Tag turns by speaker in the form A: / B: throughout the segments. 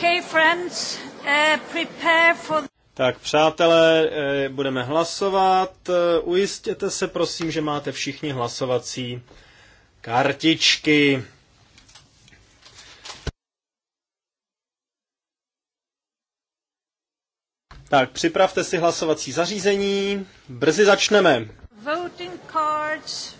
A: Okay, friends, uh, prepare for...
B: Tak přátelé, eh, budeme hlasovat. Eh, ujistěte se prosím, že máte všichni hlasovací kartičky. Tak, připravte si hlasovací zařízení. Brzy začneme.
A: Voting cards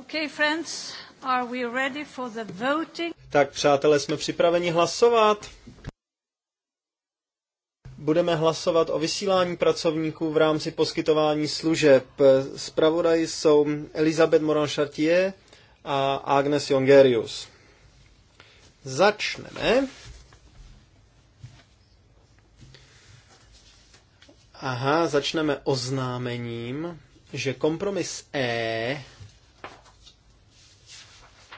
A: Okay, friends, are we ready for the voting?
B: Tak přátelé, jsme připraveni hlasovat. Budeme hlasovat o vysílání pracovníků v rámci poskytování služeb. Zpravodají jsou Elizabeth Moran-Chartier a Agnes Jongerius. Začneme. Aha, začneme oznámením, že kompromis E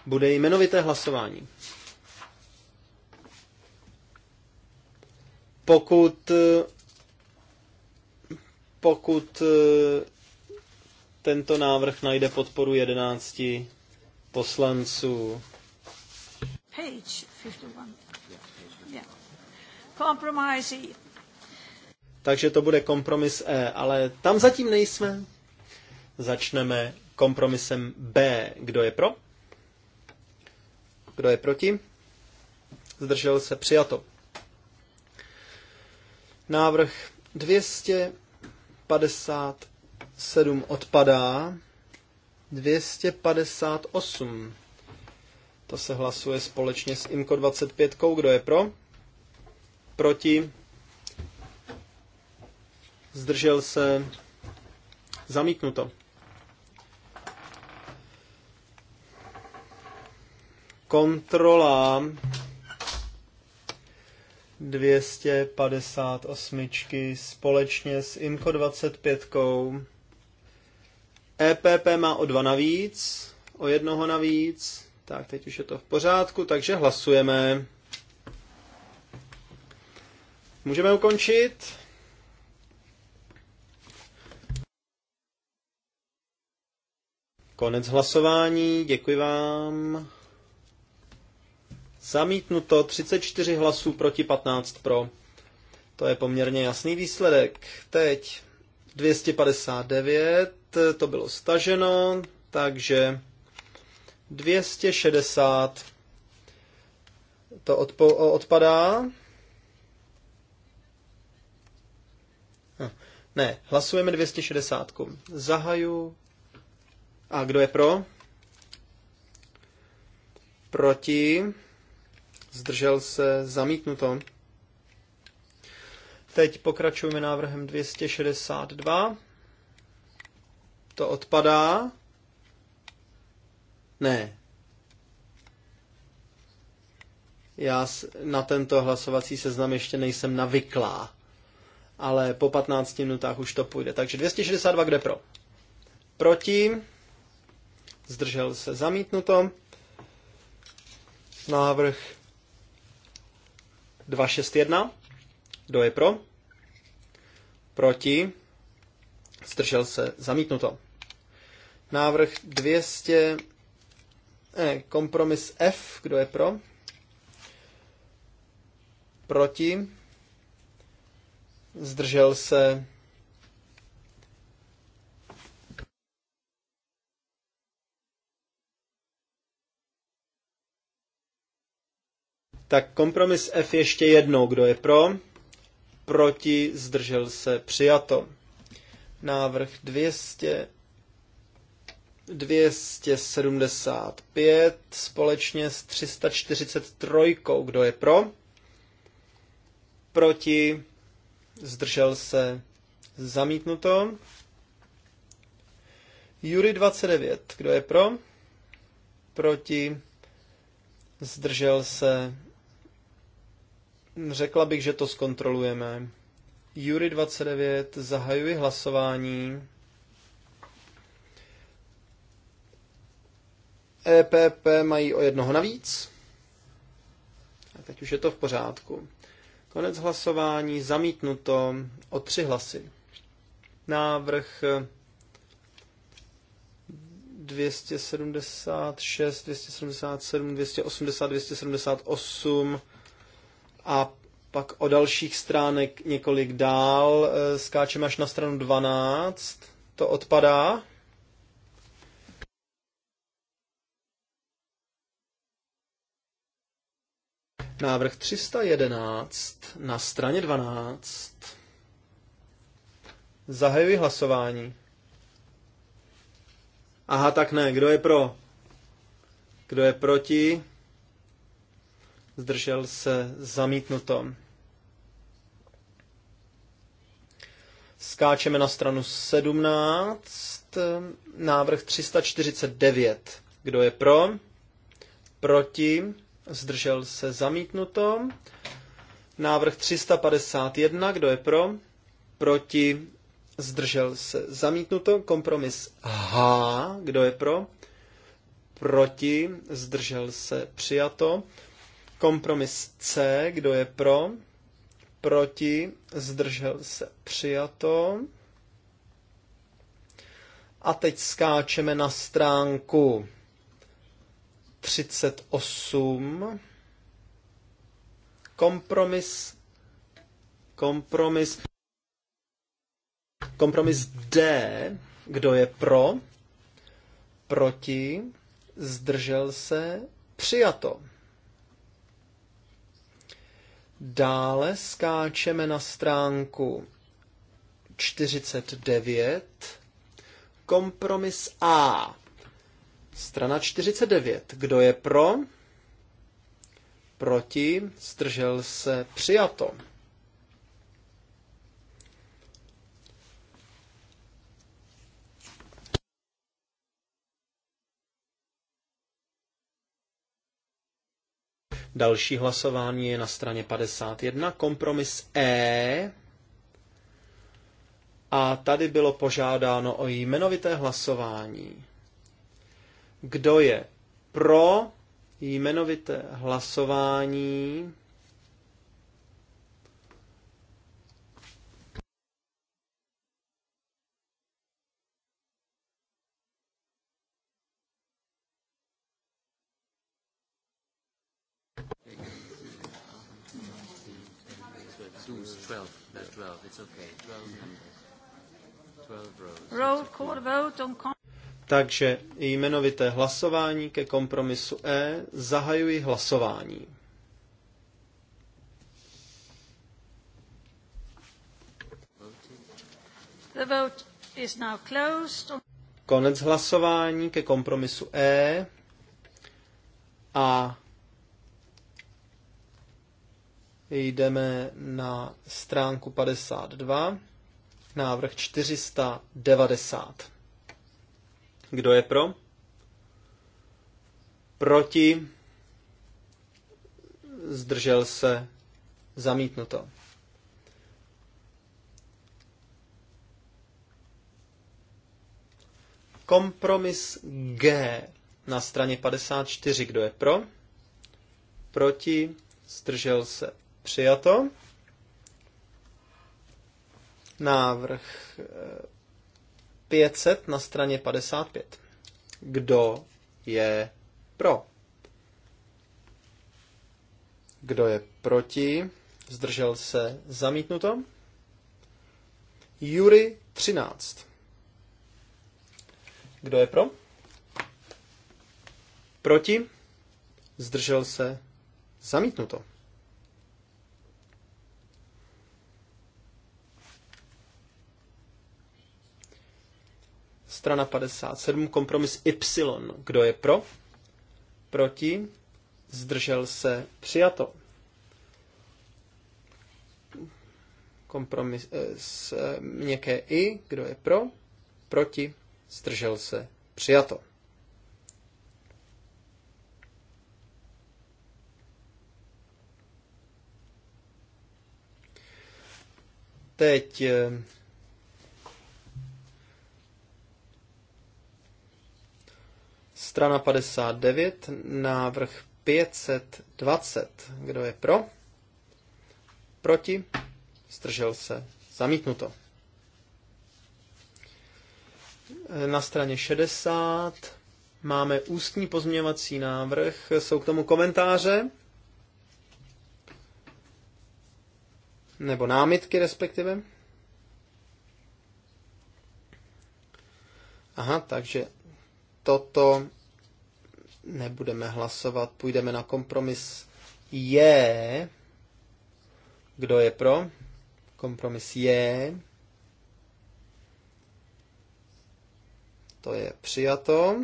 B: bude jmenovité hlasování. Pokud, pokud tento návrh najde podporu 11 poslanců.
A: Page 51. Yeah. E.
B: Takže to bude kompromis E, ale tam zatím nejsme. Začneme kompromisem B. Kdo je pro? Kdo je proti? Zdržel se přijato. Návrh 257 odpadá. 258. To se hlasuje společně s IMCO 25. Kdo je pro? Proti? Zdržel se? Zamítnuto. Kontrola 258 společně s IMCO 25. EPP má o dva navíc, o jednoho navíc. Tak, teď už je to v pořádku, takže hlasujeme. Můžeme ukončit. Konec hlasování, děkuji vám. Zamítnuto 34 hlasů proti 15 pro. To je poměrně jasný výsledek. Teď 259, to bylo staženo, takže 260 to odpo- odpadá. Ah, ne, hlasujeme 260. Zahaju. A kdo je pro? Proti zdržel se, zamítnuto. Teď pokračujeme návrhem 262. To odpadá. Ne. Já na tento hlasovací seznam ještě nejsem navyklá. Ale po 15 minutách už to půjde. Takže 262 kde pro? Proti. Zdržel se zamítnuto. Návrh 261. Kdo je pro? Proti? Zdržel se. Zamítnuto. Návrh 200. Ne, kompromis F. Kdo je pro? Proti? Zdržel se. Tak kompromis F ještě jednou. Kdo je pro? Proti? Zdržel se? Přijato. Návrh 200. 275 společně s 343. Kdo je pro? Proti? Zdržel se? Zamítnuto. Jury 29. Kdo je pro? Proti? Zdržel se? Řekla bych, že to zkontrolujeme. Jury 29, zahajuji hlasování. EPP mají o jednoho navíc. A teď už je to v pořádku. Konec hlasování, zamítnuto o tři hlasy. Návrh 276, 277, 280, 278 a pak o dalších stránek několik dál eh, skáčeme až na stranu 12. To odpadá. Návrh 311 na straně 12. Zahajuji hlasování. Aha, tak ne. Kdo je pro? Kdo je proti? zdržel se zamítnuto. Skáčeme na stranu 17, návrh 349. Kdo je pro? Proti? Zdržel se zamítnuto. Návrh 351. Kdo je pro? Proti? Zdržel se zamítnuto. Kompromis H. Kdo je pro? Proti? Zdržel se přijato. Kompromis C, kdo je pro? Proti, zdržel se, přijato. A teď skáčeme na stránku 38. Kompromis, kompromis, kompromis D, kdo je pro, proti, zdržel se, přijato. Dále skáčeme na stránku 49, kompromis A. Strana 49. Kdo je pro? Proti? Zdržel se? Přijato. Další hlasování je na straně 51, kompromis E. A tady bylo požádáno o jmenovité hlasování. Kdo je pro jmenovité hlasování Takže jmenovité hlasování ke kompromisu E. Zahajuji hlasování. The
A: vote is now closed.
B: Konec hlasování ke kompromisu E. A jdeme na stránku 52, návrh 490. Kdo je pro? Proti? Zdržel se? Zamítnuto. Kompromis G na straně 54. Kdo je pro? Proti? Zdržel se? Přijato. Návrh eh, 500 na straně 55. Kdo je pro? Kdo je proti? Zdržel se zamítnuto. Jury 13. Kdo je pro? Proti? Zdržel se zamítnuto. strana 57, kompromis Y. Kdo je pro? Proti? Zdržel se? Přijato. Kompromis eh, s eh, měkké I. Kdo je pro? Proti? Zdržel se? Přijato. Teď eh, Strana 59, návrh 520. Kdo je pro? Proti? Zdržel se. Zamítnuto. Na straně 60 máme ústní pozměňovací návrh. Jsou k tomu komentáře? Nebo námitky respektive? Aha, takže toto nebudeme hlasovat, půjdeme na kompromis je. Kdo je pro? Kompromis je. To je přijato.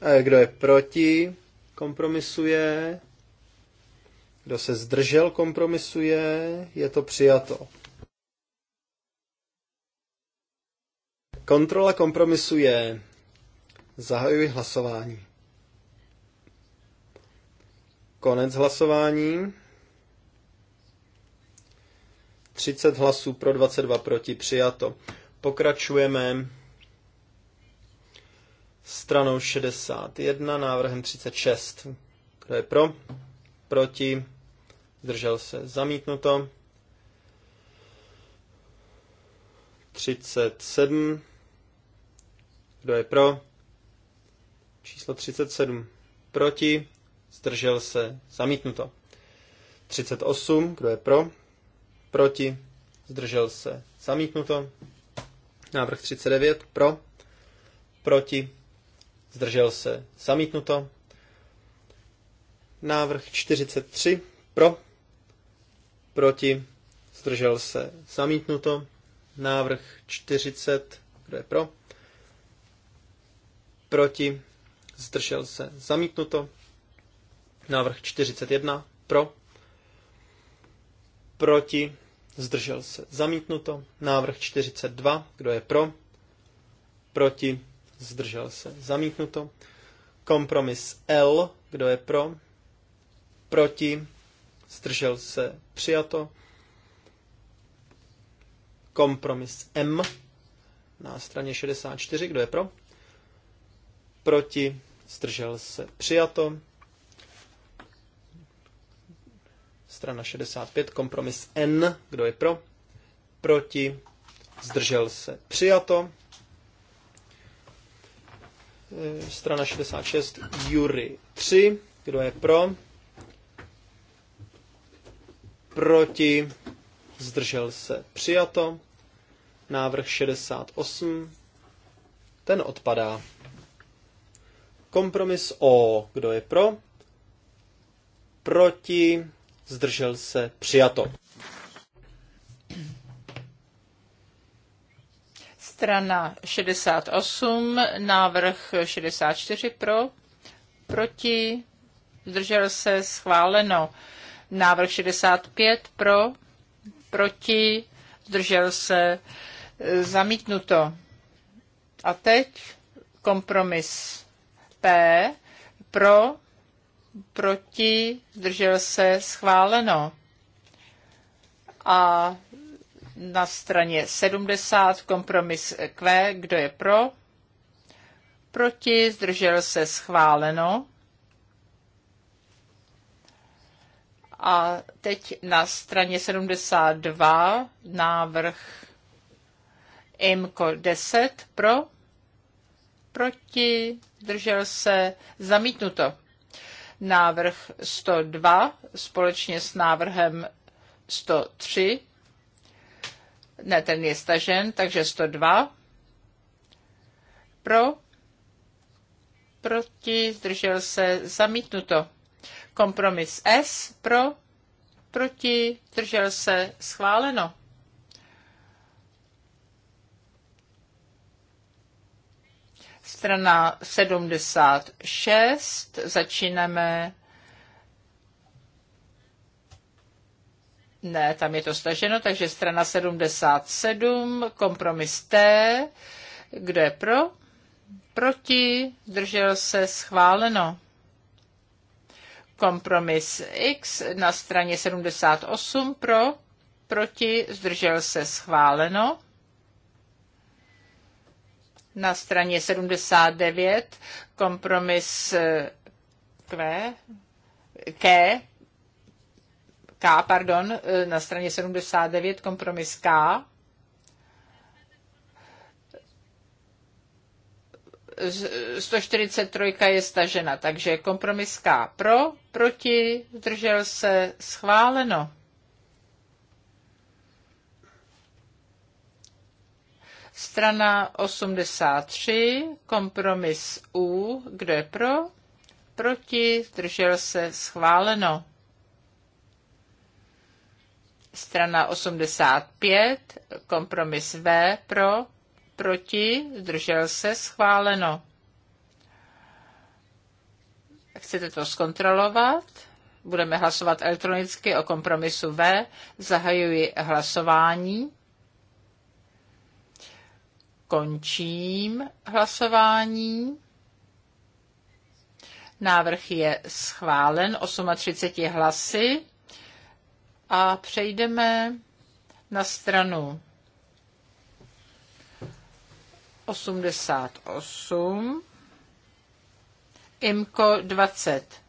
B: A e, kdo je proti? Kompromisuje. Kdo se zdržel, kompromisuje. Je to přijato. Kontrola kompromisuje. Zahajuji hlasování. Konec hlasování. 30 hlasů pro 22 proti přijato. Pokračujeme stranou 61, návrhem 36. Kdo je pro? Proti? Zdržel se? Zamítnuto. 37. Kdo je pro? Číslo 37. Proti? zdržel se, zamítnuto. 38, kdo je pro, proti, zdržel se, zamítnuto. Návrh 39, pro, proti, zdržel se, zamítnuto. Návrh 43, pro, proti, zdržel se, zamítnuto. Návrh 40, kdo je pro, proti, zdržel se, zamítnuto. Návrh 41 pro, proti, zdržel se zamítnuto. Návrh 42, kdo je pro, proti, zdržel se zamítnuto. Kompromis L, kdo je pro, proti, zdržel se přijato. Kompromis M na straně 64, kdo je pro, proti, zdržel se přijato. Strana 65, kompromis N. Kdo je pro? Proti? Zdržel se? Přijato. E, strana 66, Jury 3. Kdo je pro? Proti? Zdržel se? Přijato. Návrh 68. Ten odpadá. Kompromis O. Kdo je pro? Proti? zdržel se, přijato.
A: Strana 68, návrh 64 pro, proti, zdržel se, schváleno. Návrh 65 pro, proti, zdržel se, zamítnuto. A teď kompromis P pro, proti, zdržel se, schváleno. A na straně 70 kompromis Q, kdo je pro, proti, zdržel se, schváleno. A teď na straně 72 návrh IMCO 10 pro, proti, zdržel se, zamítnuto návrh 102 společně s návrhem 103. Ne, ten je stažen, takže 102. Pro, proti, zdržel se, zamítnuto. Kompromis S pro, proti, zdržel se, schváleno. strana 76, začínáme Ne, tam je to staženo, takže strana 77, kompromis T. Kdo je pro? Proti, zdržel se, schváleno. Kompromis X na straně 78 pro, proti, zdržel se, schváleno na straně 79, kompromis eh, Q, K, K, pardon, eh, na straně 79, kompromis K, Z 143 je stažena, takže kompromis K pro, proti, zdržel se, schváleno. Strana 83, kompromis U, kdo je pro? Proti, zdržel se, schváleno. Strana 85, kompromis V, pro? Proti, zdržel se, schváleno. Chcete to zkontrolovat? Budeme hlasovat elektronicky o kompromisu V. Zahajuji hlasování. Končím hlasování. Návrh je schválen 38 hlasy a přejdeme na stranu 88, IMKO 20,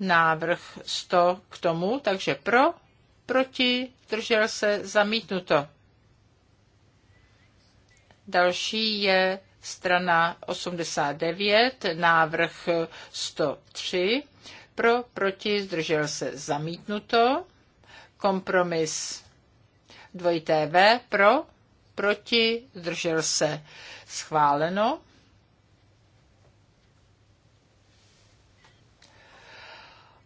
A: návrh 100 k tomu, takže pro, proti, držel se, zamítnuto. Další je strana 89, návrh 103. Pro, proti, zdržel se zamítnuto. Kompromis dvojité V pro, proti, zdržel se schváleno.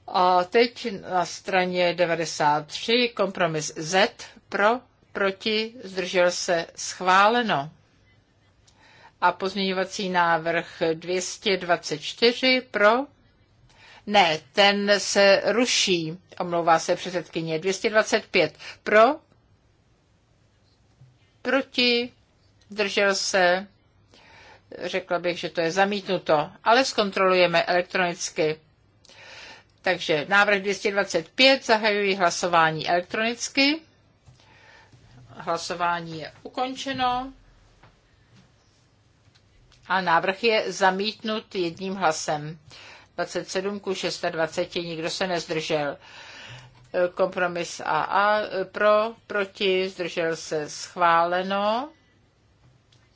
A: A teď na straně 93 kompromis Z pro, proti, zdržel se schváleno a pozměňovací návrh 224 pro. Ne, ten se ruší, omlouvá se předsedkyně. 225 pro. Proti. Držel se. Řekla bych, že to je zamítnuto, ale zkontrolujeme elektronicky. Takže návrh 225 zahajuji hlasování elektronicky. Hlasování je ukončeno a návrh je zamítnut jedním hlasem. 27 ku 26, nikdo se nezdržel. Kompromis AA pro, proti, zdržel se schváleno.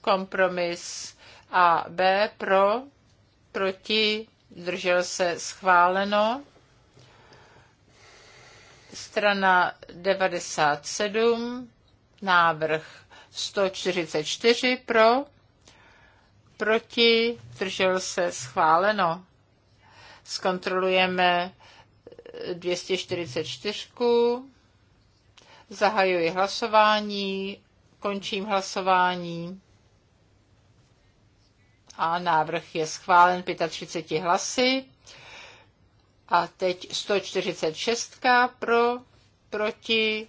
A: Kompromis AB pro, proti, zdržel se schváleno. Strana 97, návrh 144 pro, proti, držel se, schváleno. Zkontrolujeme 244. Zahajuji hlasování, končím hlasování a návrh je schválen 35 hlasy. A teď 146 pro, proti,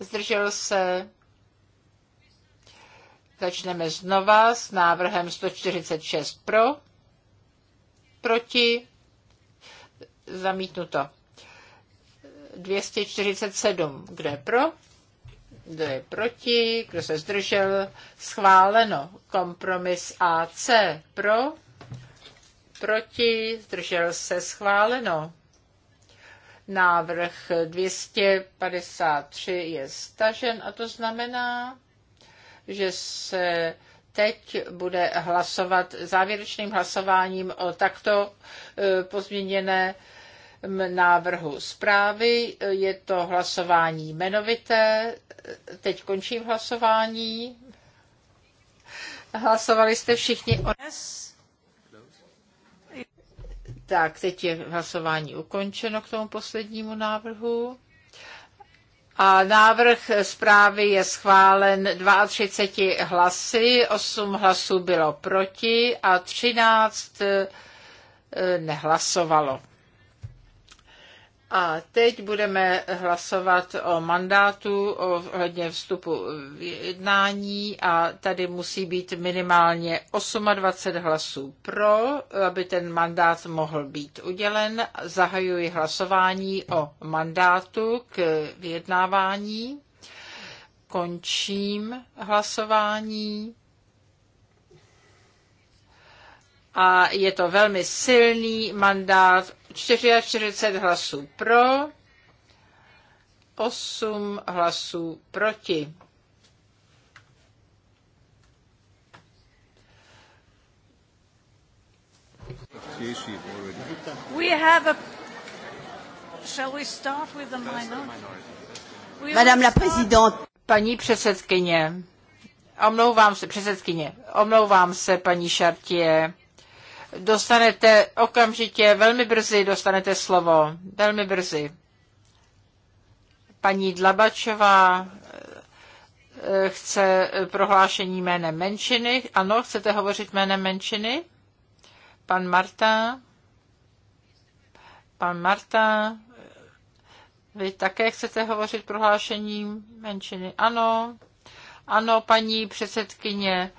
A: zdržel se, Začneme znova s návrhem 146 pro, proti, zamítnuto. 247, kdo je pro, kdo je proti, kdo se zdržel, schváleno. Kompromis AC pro, proti, zdržel se, schváleno. Návrh 253 je stažen a to znamená, že se teď bude hlasovat závěrečným hlasováním o takto e, pozměněné návrhu zprávy. Je to hlasování jmenovité. Teď končím hlasování. Hlasovali jste všichni o Tak, teď je hlasování ukončeno k tomu poslednímu návrhu. A návrh zprávy je schválen 32 hlasy, 8 hlasů bylo proti a 13 eh, eh, nehlasovalo. A teď budeme hlasovat o mandátu ohledně vstupu v jednání a tady musí být minimálně 28 hlasů pro, aby ten mandát mohl být udělen. Zahajuji hlasování o mandátu k vyjednávání. Končím hlasování. A je to velmi silný mandát 44 hlasů pro, 8 hlasů proti. We have a...
B: Shall we start with the minority? Madame la présidente.
A: Paní předsedkyně, omlouvám se, předsedkyně, omlouvám se, paní Šartě dostanete okamžitě, velmi brzy dostanete slovo, velmi brzy. Paní Dlabačová eh, eh, chce prohlášení jménem menšiny. Ano, chcete hovořit jménem menšiny? Pan Marta? Pan Marta? Vy také chcete hovořit prohlášením menšiny? Ano. Ano, paní předsedkyně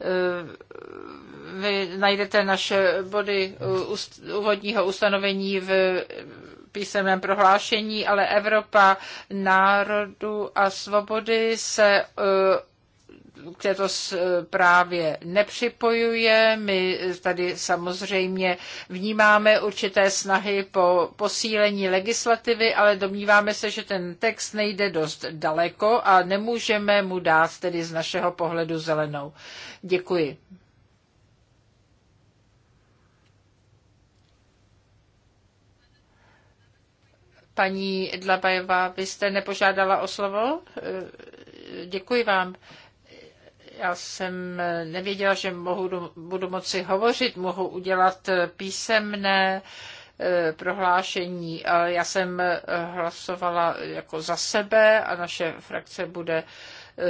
A: eh, vy najdete naše body úvodního ustanovení v písemném prohlášení, ale Evropa národu a svobody se eh, k této právě nepřipojuje. My tady samozřejmě vnímáme určité snahy po posílení legislativy, ale domníváme se, že ten text nejde dost daleko a nemůžeme mu dát tedy z našeho pohledu zelenou. Děkuji. Paní Dlabajová, vy jste nepožádala o slovo? Eh, děkuji vám. Já jsem nevěděla, že mohu, budu moci hovořit, mohu udělat písemné Eh, prohlášení. Já jsem eh, hlasovala jako za sebe a naše frakce bude eh,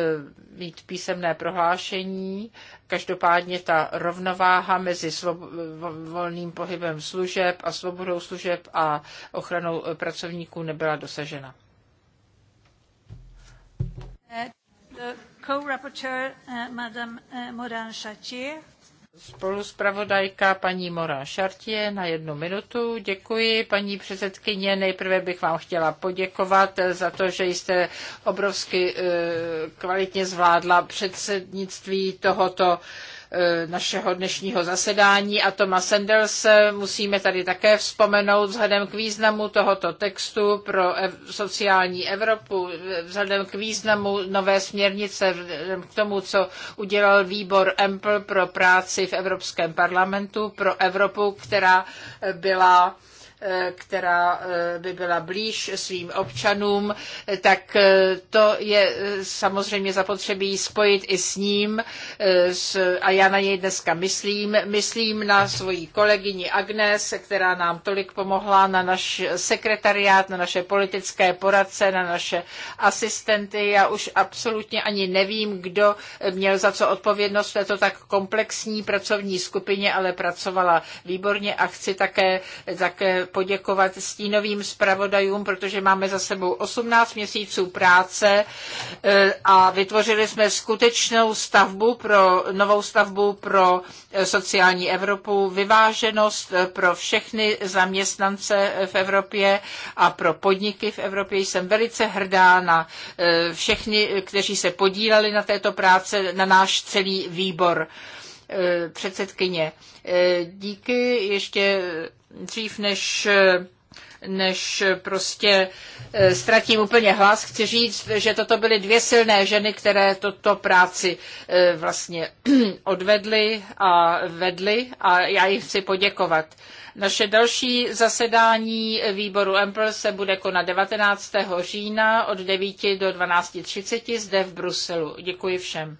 A: mít písemné prohlášení. Každopádně ta rovnováha mezi volným pohybem služeb a svobodou služeb a ochranou pracovníků nebyla dosažena. The co-rapporteur, uh, Madame uh, Moran Chartier. Spoluspravodajka paní Mora Šartě na jednu minutu. Děkuji, paní předsedkyně. Nejprve bych vám chtěla poděkovat za to, že jste obrovsky eh, kvalitně zvládla předsednictví tohoto Eh, našeho dnešního zasedání a Toma Sanders eh, musíme tady také vzpomenout vzhledem k významu tohoto textu pro sociální Evropu, eh, vzhledem k významu nové směrnice, vzhledem k tomu, co udělal výbor EMPL pro práci v Evropském parlamentu, pro Evropu, která byla Eh, která eh, by byla blíž svým občanům, eh, tak to je samozřejmě zapotřebí spojit i s ním a já na něj dneska myslím. Myslím na svoji kolegyni Agnes, která nám tolik pomohla, na naš sekretariát, na naše politické poradce, na naše asistenty. Já už absolutně ani nevím, kdo měl za co odpovědnost v této tak komplexní pracovní skupině, ale pracovala výborně a chci také, také poděkovat stínovým zpravodajům, protože máme za sebou 18 měsíců práce eh, a vytvořili jsme skutečnou stavbu pro, novou stavbu pro eh, sociální Evropu, vyváženost eh, pro všechny zaměstnance v Evropě a pro podniky v Evropě. Jsem velice hrdá na všechny, kteří se podíleli na této práce, na náš celý výbor předsedkyně. Díky ještě dřív než než prostě eh, ztratím úplně hlas. Chci říct, že toto byly dvě silné ženy, které toto práci eh, vlastně odvedly a vedly a já jim chci poděkovat. Naše další zasedání výboru EMPL se bude konat 19. října od 9 do 12.30 zde v Bruselu. Děkuji všem.